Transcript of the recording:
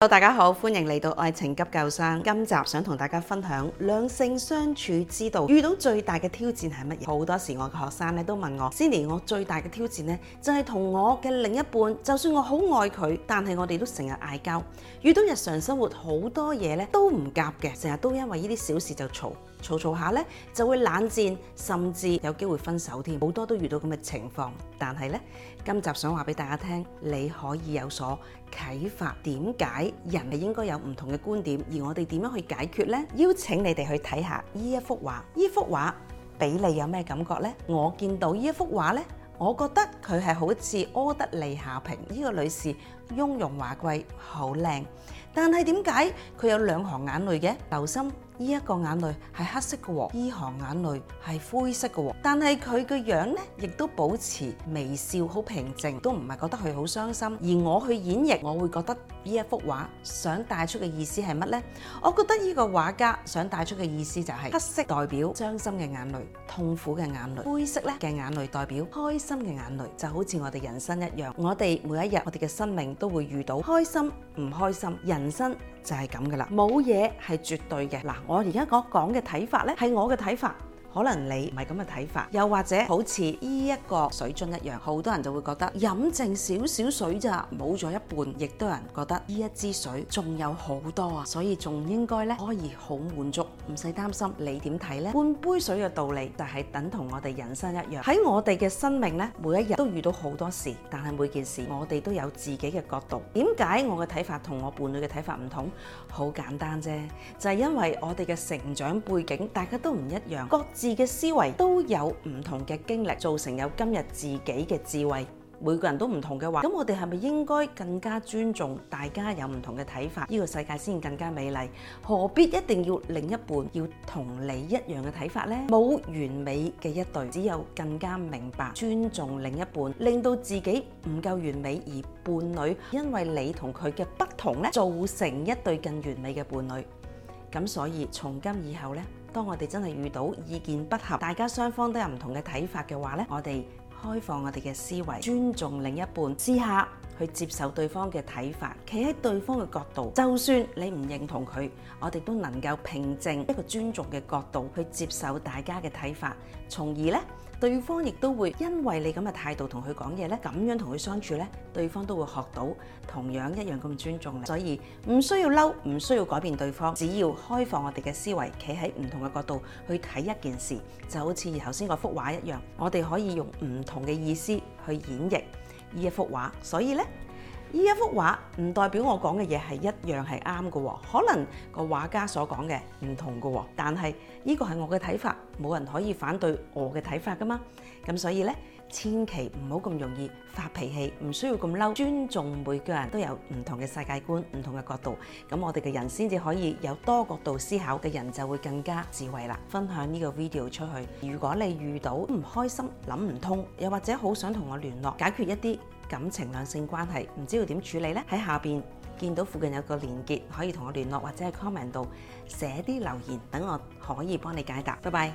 好，大家好，歡迎嚟到愛情急救箱。今集想同大家分享兩性相處之道，遇到最大嘅挑戰係乜嘢？好多時我嘅學生咧都問我，Cindy，我最大嘅挑戰呢，就係同我嘅另一半，就算我好愛佢，但係我哋都成日嗌交，遇到日常生活好多嘢呢都唔夾嘅，成日都因為依啲小事就嘈。嘈嘈下咧，就會冷戰，甚至有機會分手添。好多都遇到咁嘅情況，但係咧，今集想話俾大家聽，你可以有所啟發。點解人係應該有唔同嘅觀點？而我哋點樣去解決咧？邀請你哋去睇下呢一幅畫，呢幅畫俾你有咩感覺咧？我見到呢一幅畫咧，我覺得佢係好似柯德莉夏萍呢個女士。雍容華貴，好靚。但係點解佢有兩行眼淚嘅？留心，呢一個眼淚係黑色嘅喎，呢行眼淚係灰色嘅喎。但係佢嘅樣咧，亦都保持微笑，好平靜，都唔係覺得佢好傷心。而我去演繹，我會覺得呢一幅畫想帶出嘅意思係乜呢？我覺得呢個畫家想帶出嘅意思就係黑色代表傷心嘅眼淚、痛苦嘅眼淚，灰色咧嘅眼淚代表開心嘅眼淚。就好似我哋人生一樣，我哋每一日，我哋嘅生命。都會遇到開心唔開心，人生就係咁㗎啦，冇嘢係絕對嘅。嗱，我而家講講嘅睇法呢，係我嘅睇法。可能你唔係咁嘅睇法，又或者好似依一個水樽一樣，好多人就會覺得飲剩少少水咋，冇咗一半，亦都有人覺得依一支水仲有好多啊，所以仲應該咧可以好滿足，唔使擔心。你點睇呢？半杯水嘅道理就係等同我哋人生一樣，喺我哋嘅生命呢，每一日都遇到好多事，但係每件事我哋都有自己嘅角度。點解我嘅睇法同我伴侶嘅睇法唔同？好簡單啫，就係因為我哋嘅成長背景，大家都唔一樣，各自。自己嘅思維都有唔同嘅經歷，造成有今日自己嘅智慧。每個人都唔同嘅話，咁我哋係咪應該更加尊重大家有唔同嘅睇法？呢個世界先更加美麗。何必一定要另一半要同你一樣嘅睇法咧？冇完美嘅一對，只有更加明白尊重另一半，令到自己唔夠完美，而伴侶因為你同佢嘅不同咧，造成一對更完美嘅伴侶。咁所以從今以後咧，當我哋真係遇到意見不合，大家雙方都有唔同嘅睇法嘅話咧，我哋開放我哋嘅思維，尊重另一半之下，去接受對方嘅睇法，企喺對方嘅角度，就算你唔認同佢，我哋都能夠平靜一個尊重嘅角度去接受大家嘅睇法，從而呢，對方亦都會因為你咁嘅態度同佢講嘢呢，咁樣同佢相處呢，對方都會學到同樣一樣咁尊重你。所以唔需要嬲，唔需要改變對方，只要開放我哋嘅思維，企喺唔同嘅角度去睇一件事，就好似頭先嗰幅畫一樣，我哋可以用唔同嘅意思去演繹。呢一幅畫，所以咧，呢一幅畫唔代表我講嘅嘢係一樣係啱嘅喎。可能個畫家所講嘅唔同嘅喎、哦，但係呢個係我嘅睇法，冇人可以反對我嘅睇法噶嘛。咁所以咧。千祈唔好咁容易發脾氣，唔需要咁嬲，尊重每個人都有唔同嘅世界觀、唔同嘅角度，咁我哋嘅人先至可以有多角度思考嘅人就會更加智慧啦。分享呢個 video 出去，如果你遇到唔開心、諗唔通，又或者好想同我聯絡解決一啲感情、兩性關係，唔知道點處理呢？喺下邊見到附近有個連結可以同我聯絡，或者喺 comment 度寫啲留言，等我可以幫你解答。拜拜。